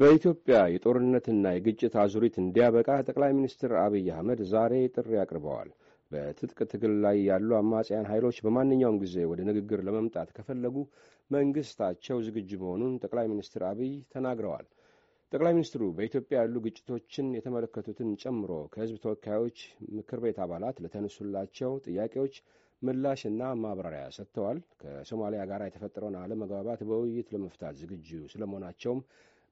በኢትዮጵያ የጦርነትና የግጭት አዙሪት እንዲያበቃ ጠቅላይ ሚኒስትር አብይ አህመድ ዛሬ ጥሪ አቅርበዋል። በትጥቅ ትግል ላይ ያሉ አማጽያን ኃይሎች በማንኛውም ጊዜ ወደ ንግግር ለመምጣት ከፈለጉ መንግስታቸው ዝግጁ መሆኑን ጠቅላይ ሚኒስትር አብይ ተናግረዋል። ጠቅላይ ሚኒስትሩ በኢትዮጵያ ያሉ ግጭቶችን የተመለከቱትን ጨምሮ ከህዝብ ተወካዮች ምክር ቤት አባላት ለተነሱላቸው ጥያቄዎች ምላሽና ማብራሪያ ሰጥተዋል። ከሶማሊያ ጋር የተፈጠረውን አለመግባባት በውይይት ለመፍታት ዝግጁ ስለመሆናቸውም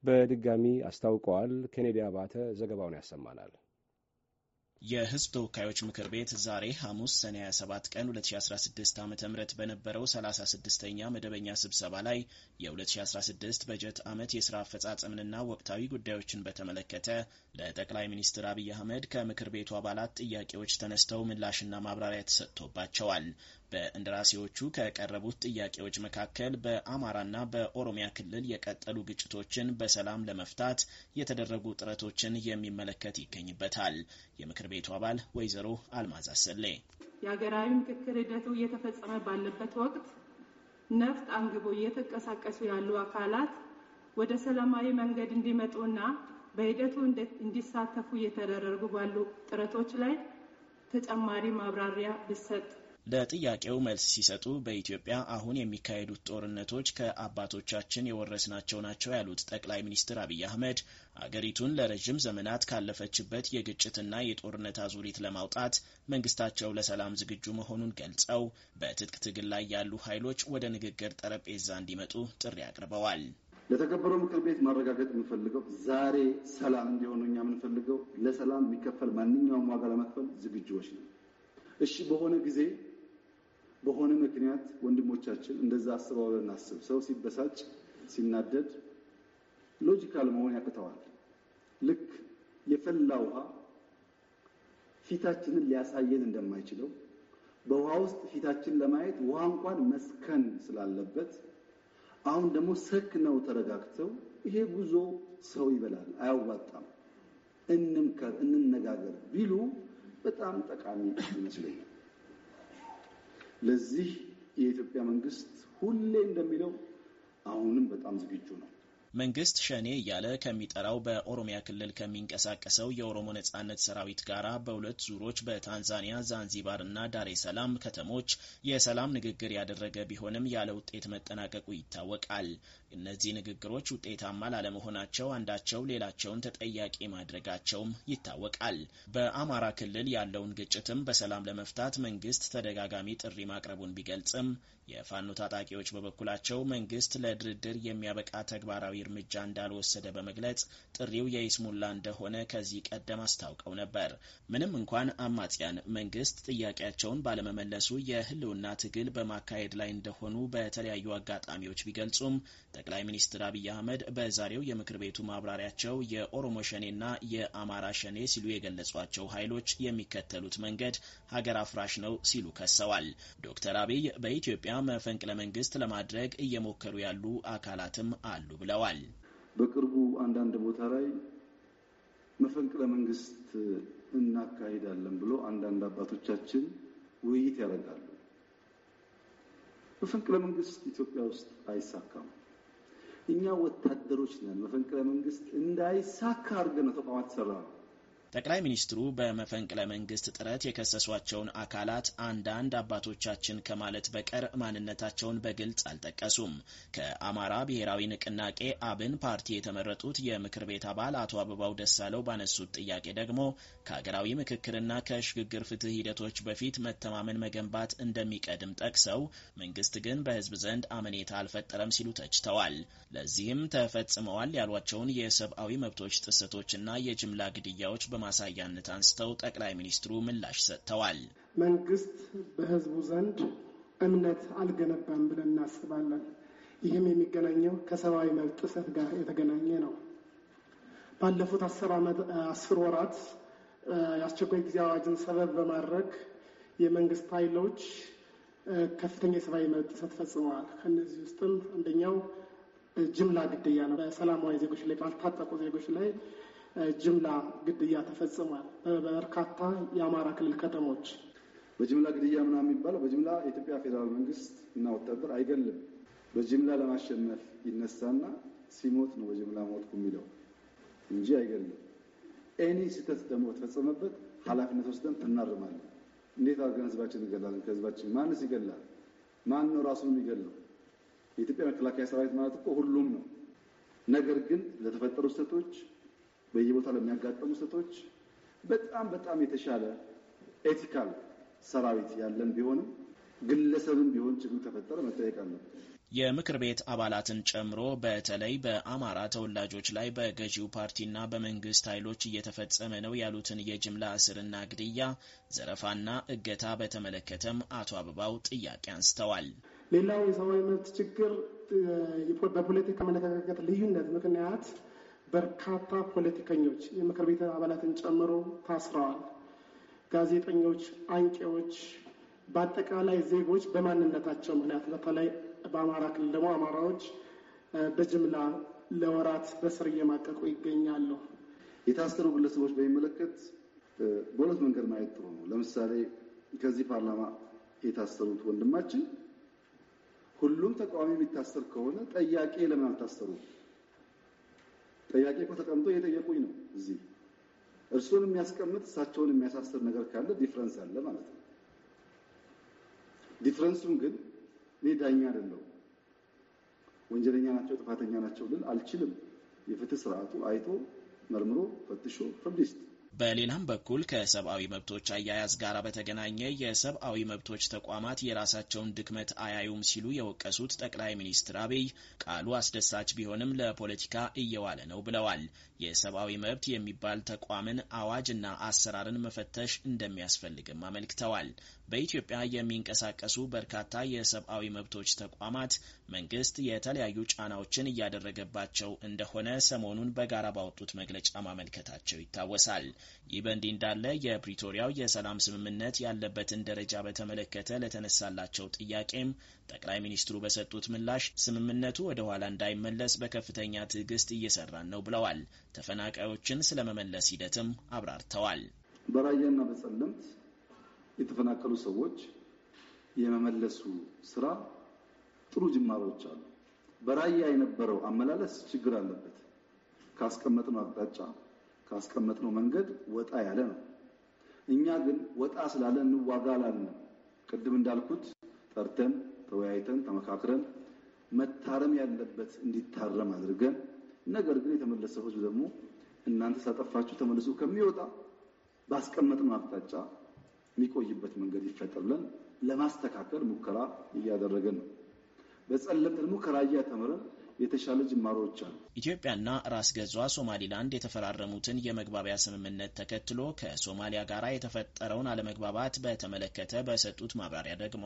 በድጋሚ አስታውቀዋል። ኬኔዲ አባተ ዘገባውን ያሰማናል። የህዝብ ተወካዮች ምክር ቤት ዛሬ ሐሙስ ሰኔ 27 ቀን 2016 ዓ ም በነበረው 36ኛ መደበኛ ስብሰባ ላይ የ2016 በጀት ዓመት የሥራ አፈጻጸምንና ወቅታዊ ጉዳዮችን በተመለከተ ለጠቅላይ ሚኒስትር አብይ አህመድ ከምክር ቤቱ አባላት ጥያቄዎች ተነስተው ምላሽና ማብራሪያ ተሰጥቶባቸዋል። በእንደራሴዎቹ ከቀረቡት ጥያቄዎች መካከል በአማራና በኦሮሚያ ክልል የቀጠሉ ግጭቶችን በሰላም ለመፍታት የተደረጉ ጥረቶችን የሚመለከት ይገኝበታል። የምክር ቤቱ አባል ወይዘሮ አልማዝ አሰሌ የሀገራዊ ምክክር ሂደቱ እየተፈጸመ ባለበት ወቅት ነፍጥ አንግቦ እየተንቀሳቀሱ ያሉ አካላት ወደ ሰላማዊ መንገድ እንዲመጡና በሂደቱ እንዲሳተፉ እየተደረጉ ባሉ ጥረቶች ላይ ተጨማሪ ማብራሪያ ቢሰጥ ለጥያቄው መልስ ሲሰጡ በኢትዮጵያ አሁን የሚካሄዱት ጦርነቶች ከአባቶቻችን የወረስናቸው ናቸው ያሉት ጠቅላይ ሚኒስትር አብይ አህመድ አገሪቱን ለረዥም ዘመናት ካለፈችበት የግጭትና የጦርነት አዙሪት ለማውጣት መንግስታቸው ለሰላም ዝግጁ መሆኑን ገልጸው በትጥቅ ትግል ላይ ያሉ ኃይሎች ወደ ንግግር ጠረጴዛ እንዲመጡ ጥሪ አቅርበዋል። ለተከበረው ምክር ቤት ማረጋገጥ የምፈልገው ዛሬ ሰላም እንዲሆኑ እኛ የምንፈልገው ለሰላም የሚከፈል ማንኛውም ዋጋ ለመክፈል ዝግጁዎች ነው። እሺ በሆነ ጊዜ በሆነ ምክንያት ወንድሞቻችን እንደዛ አስበው እናስብ። ሰው ሲበሳጭ ሲናደድ ሎጂካል መሆን ያቅተዋል። ልክ የፈላ ውሃ ፊታችንን ሊያሳየን እንደማይችለው በውሃ ውስጥ ፊታችን ለማየት ውሃ እንኳን መስከን ስላለበት አሁን ደግሞ ነው ተረጋግተው ይሄ ጉዞ ሰው ይበላል፣ አያዋጣም፣ እንምከር፣ እንነጋገር ቢሉ በጣም ጠቃሚ ይመስለኛል። ለዚህ የኢትዮጵያ መንግስት ሁሌ እንደሚለው አሁንም በጣም ዝግጁ ነው። መንግስት ሸኔ እያለ ከሚጠራው በኦሮሚያ ክልል ከሚንቀሳቀሰው የኦሮሞ ነጻነት ሰራዊት ጋራ በሁለት ዙሮች በታንዛኒያ ዛንዚባር እና ዳሬ ሰላም ከተሞች የሰላም ንግግር ያደረገ ቢሆንም ያለ ውጤት መጠናቀቁ ይታወቃል። እነዚህ ንግግሮች ውጤታማ ላለመሆናቸው አንዳቸው ሌላቸውን ተጠያቂ ማድረጋቸውም ይታወቃል። በአማራ ክልል ያለውን ግጭትም በሰላም ለመፍታት መንግስት ተደጋጋሚ ጥሪ ማቅረቡን ቢገልጽም የፋኖ ታጣቂዎች በበኩላቸው መንግስት ለድርድር የሚያበቃ ተግባራዊ እርምጃ እንዳልወሰደ በመግለጽ ጥሪው የይስሙላ እንደሆነ ከዚህ ቀደም አስታውቀው ነበር። ምንም እንኳን አማጽያን መንግስት ጥያቄያቸውን ባለመመለሱ የህልውና ትግል በማካሄድ ላይ እንደሆኑ በተለያዩ አጋጣሚዎች ቢገልጹም ጠቅላይ ሚኒስትር አብይ አህመድ በዛሬው የምክር ቤቱ ማብራሪያቸው የኦሮሞ ሸኔና የአማራ ሸኔ ሲሉ የገለጿቸው ኃይሎች የሚከተሉት መንገድ ሀገር አፍራሽ ነው ሲሉ ከሰዋል። ዶክተር አብይ በኢትዮጵያ መፈንቅለ መንግስት ለማድረግ እየሞከሩ ያሉ አካላትም አሉ ብለዋል። ገልጸዋል። በቅርቡ አንዳንድ ቦታ ላይ መፈንቅለ መንግስት እናካሄዳለን ብሎ አንዳንድ አባቶቻችን ውይይት ያደርጋሉ። መፈንቅለ መንግስት ኢትዮጵያ ውስጥ አይሳካም። እኛ ወታደሮች ነን። መፈንቅለ መንግስት እንዳይሳካ አድርገን ተቋማት ሰራ ነው ጠቅላይ ሚኒስትሩ በመፈንቅለ መንግስት ጥረት የከሰሷቸውን አካላት አንዳንድ አባቶቻችን ከማለት በቀር ማንነታቸውን በግልጽ አልጠቀሱም። ከአማራ ብሔራዊ ንቅናቄ አብን ፓርቲ የተመረጡት የምክር ቤት አባል አቶ አበባው ደሳለው ባነሱት ጥያቄ ደግሞ ከሀገራዊ ምክክርና ከሽግግር ፍትህ ሂደቶች በፊት መተማመን መገንባት እንደሚቀድም ጠቅሰው መንግስት ግን በህዝብ ዘንድ አመኔታ አልፈጠረም ሲሉ ተችተዋል። ለዚህም ተፈጽመዋል ያሏቸውን የሰብአዊ መብቶች ጥሰቶችና የጅምላ ግድያዎች በማሳያነት አንስተው ጠቅላይ ሚኒስትሩ ምላሽ ሰጥተዋል። መንግስት በህዝቡ ዘንድ እምነት አልገነባም ብለን እናስባለን። ይህም የሚገናኘው ከሰብአዊ መብት ጥሰት ጋር የተገናኘ ነው። ባለፉት አስር ወራት የአስቸኳይ ጊዜ አዋጅን ሰበብ በማድረግ የመንግስት ኃይሎች ከፍተኛ የሰብአዊ መብት ጥሰት ፈጽመዋል። ከእነዚህ ውስጥም አንደኛው ጅምላ ግድያ ነው። በሰላማዊ ዜጎች ላይ ባልታጠቁ ዜጎች ላይ ጅምላ ግድያ ተፈጽሟል በበርካታ የአማራ ክልል ከተሞች። በጅምላ ግድያ ምናምን የሚባለው በጅምላ የኢትዮጵያ ፌዴራል መንግስት እና ወታደር አይገልም። በጅምላ ለማሸነፍ ይነሳና ሲሞት ነው በጅምላ ሞትኩ የሚለው እንጂ አይገልም። ኤኒ ስህተት ደግሞ ተፈጸመበት ኃላፊነት ወስደን እናርማለን። እንዴት አድርገን ህዝባችን እንገላለን? ከህዝባችን ማንስ ይገላል? ማን ነው ራሱን የሚገለው? የኢትዮጵያ መከላከያ ሰራዊት ማለት እኮ ሁሉም ነው። ነገር ግን ለተፈጠሩ ስህተቶች በየቦታው ለሚያጋጥሙ ስህተቶች በጣም በጣም የተሻለ ኤቲካል ሰራዊት ያለን ቢሆንም ግለሰብም ቢሆን ችግር ተፈጠረ መጠየቅ አለበት። የምክር ቤት አባላትን ጨምሮ በተለይ በአማራ ተወላጆች ላይ በገዢው ፓርቲና በመንግስት ኃይሎች እየተፈጸመ ነው ያሉትን የጅምላ እስርና ግድያ፣ ዘረፋና እገታ በተመለከተም አቶ አበባው ጥያቄ አንስተዋል። ሌላው የሰብአዊ መብት ችግር በፖለቲካ አመለካከት ልዩነት ምክንያት በርካታ ፖለቲከኞች የምክር ቤት አባላትን ጨምሮ ታስረዋል። ጋዜጠኞች፣ አንቂዎች፣ በአጠቃላይ ዜጎች በማንነታቸው ምክንያት በተለይ በአማራ ክልል ደግሞ አማራዎች በጅምላ ለወራት በስር እየማቀቁ ይገኛሉ። የታሰሩ ግለሰቦች በሚመለከት በሁለት መንገድ ማየት ጥሩ ነው። ለምሳሌ ከዚህ ፓርላማ የታሰሩት ወንድማችን ሁሉም ተቃዋሚ የሚታሰር ከሆነ ጠያቄ ለምን አልታሰሩም? ጥያቄ እኮ ተቀምጦ እየጠየቁኝ ነው እዚህ። እርሱን የሚያስቀምጥ እሳቸውን የሚያሳስር ነገር ካለ ዲፍረንስ አለ ማለት ነው። ዲፍረንሱን ግን እኔ ዳኛ አይደለሁም። ወንጀለኛ ናቸው ጥፋተኛ ናቸው ልል አልችልም። የፍትህ ስርዓቱ አይቶ መርምሮ ፈትሾ ፍርድ ይስጥ። በሌላም በኩል ከሰብአዊ መብቶች አያያዝ ጋር በተገናኘ የሰብአዊ መብቶች ተቋማት የራሳቸውን ድክመት አያዩም ሲሉ የወቀሱት ጠቅላይ ሚኒስትር አብይ ቃሉ አስደሳች ቢሆንም ለፖለቲካ እየዋለ ነው ብለዋል። የሰብአዊ መብት የሚባል ተቋምን አዋጅና አሰራርን መፈተሽ እንደሚያስፈልግም አመልክተዋል። በኢትዮጵያ የሚንቀሳቀሱ በርካታ የሰብአዊ መብቶች ተቋማት መንግስት የተለያዩ ጫናዎችን እያደረገባቸው እንደሆነ ሰሞኑን በጋራ ባወጡት መግለጫ ማመልከታቸው ይታወሳል። ይህ በእንዲህ እንዳለ የፕሪቶሪያው የሰላም ስምምነት ያለበትን ደረጃ በተመለከተ ለተነሳላቸው ጥያቄም ጠቅላይ ሚኒስትሩ በሰጡት ምላሽ ስምምነቱ ወደ ኋላ እንዳይመለስ በከፍተኛ ትዕግስት እየሰራን ነው ብለዋል። ተፈናቃዮችን ስለመመለስ ሂደትም አብራርተዋል። በራያና በጸለምት የተፈናቀሉ ሰዎች የመመለሱ ስራ ጥሩ ጅማሮች አሉ። በራያ የነበረው አመላለስ ችግር አለበት። ካስቀመጥነው አቅጣጫ ካስቀመጥነው መንገድ ወጣ ያለ ነው። እኛ ግን ወጣ ስላለ እንዋጋ አላልንም። ቅድም እንዳልኩት ጠርተን ተወያይተን ተመካክረን መታረም ያለበት እንዲታረም አድርገን ነገር ግን የተመለሰው ህዝብ ደግሞ እናንተ ሳጠፋችሁ ተመልሶ ከሚወጣ ባስቀመጥነው አቅጣጫ የሚቆይበት መንገድ ይፈጠር ብለን ለማስተካከል ሙከራ እያደረገን ነው። በጸለምት ደግሞ ከራያ ተምረን የተሻለ ጅማሮዎች አሉ። ኢትዮጵያና ራስ ገዟ ሶማሊላንድ የተፈራረሙትን የመግባቢያ ስምምነት ተከትሎ ከሶማሊያ ጋር የተፈጠረውን አለመግባባት በተመለከተ በሰጡት ማብራሪያ ደግሞ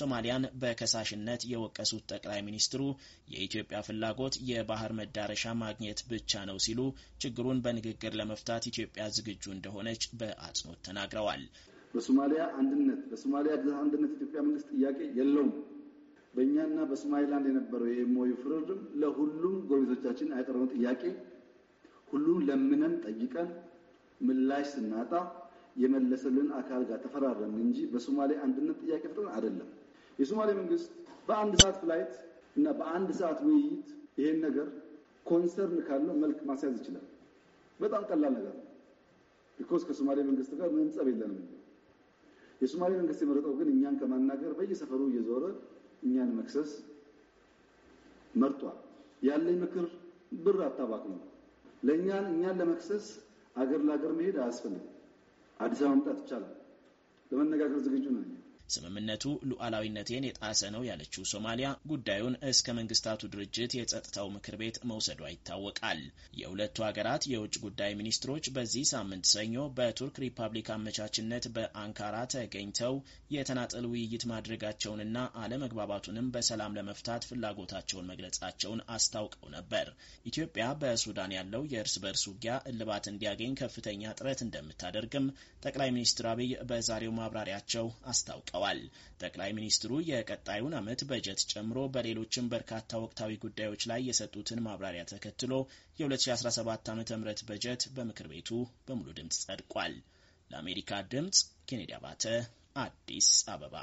ሶማሊያን በከሳሽነት የወቀሱት ጠቅላይ ሚኒስትሩ የኢትዮጵያ ፍላጎት የባህር መዳረሻ ማግኘት ብቻ ነው ሲሉ ችግሩን በንግግር ለመፍታት ኢትዮጵያ ዝግጁ እንደሆነች በአጽንኦት ተናግረዋል። በሶማሊያ አንድነት በሶማሊያ አንድነት ኢትዮጵያ መንግስት ጥያቄ የለውም። በእኛና በሶማሊላንድ የነበረው የኤምኦዩ ፍርድም ለሁሉም ጎረቤቶቻችን ያቀረብነው ጥያቄ ሁሉም ለምነን ጠይቀን ምላሽ ስናጣ የመለሰልን አካል ጋር ተፈራረምን እንጂ በሶማሌ አንድነት ጥያቄ ፍጥረን አይደለም። የሶማሌ መንግስት በአንድ ሰዓት ፍላይት እና በአንድ ሰዓት ውይይት ይሄን ነገር ኮንሰርን ካለው መልክ ማስያዝ ይችላል። በጣም ቀላል ነገር ነው። ቢኮዝ ከሶማሌ መንግስት ጋር ምንም ጸብ የለንም። የሶማሌ መንግስት የመረጠው ግን እኛን ከማናገር በየሰፈሩ እየዞረ እኛን መክሰስ መርጧል። ያለኝ ምክር ብር ነው። ለእኛን እኛን ለመክሰስ አገር ለአገር መሄድ አያስፈልግም። አዲስ አበባ መምጣት ይቻላል። ለመነጋገር ዝግጁ ነው። ስምምነቱ ሉዓላዊነቴን የጣሰ ነው ያለችው ሶማሊያ ጉዳዩን እስከ መንግስታቱ ድርጅት የጸጥታው ምክር ቤት መውሰዷ ይታወቃል። የሁለቱ ሀገራት የውጭ ጉዳይ ሚኒስትሮች በዚህ ሳምንት ሰኞ በቱርክ ሪፐብሊክ አመቻችነት በአንካራ ተገኝተው የተናጠል ውይይት ማድረጋቸውንና አለመግባባቱንም በሰላም ለመፍታት ፍላጎታቸውን መግለጻቸውን አስታውቀው ነበር። ኢትዮጵያ በሱዳን ያለው የእርስ በርስ ውጊያ እልባት እንዲያገኝ ከፍተኛ ጥረት እንደምታደርግም ጠቅላይ ሚኒስትር አብይ በዛሬው ማብራሪያቸው አስታውቀዋል። ገልጸዋል። ጠቅላይ ሚኒስትሩ የቀጣዩን ዓመት በጀት ጨምሮ በሌሎችም በርካታ ወቅታዊ ጉዳዮች ላይ የሰጡትን ማብራሪያ ተከትሎ የ2017 ዓ ም በጀት በምክር ቤቱ በሙሉ ድምፅ ጸድቋል። ለአሜሪካ ድምፅ ኬኔዲ አባተ አዲስ አበባ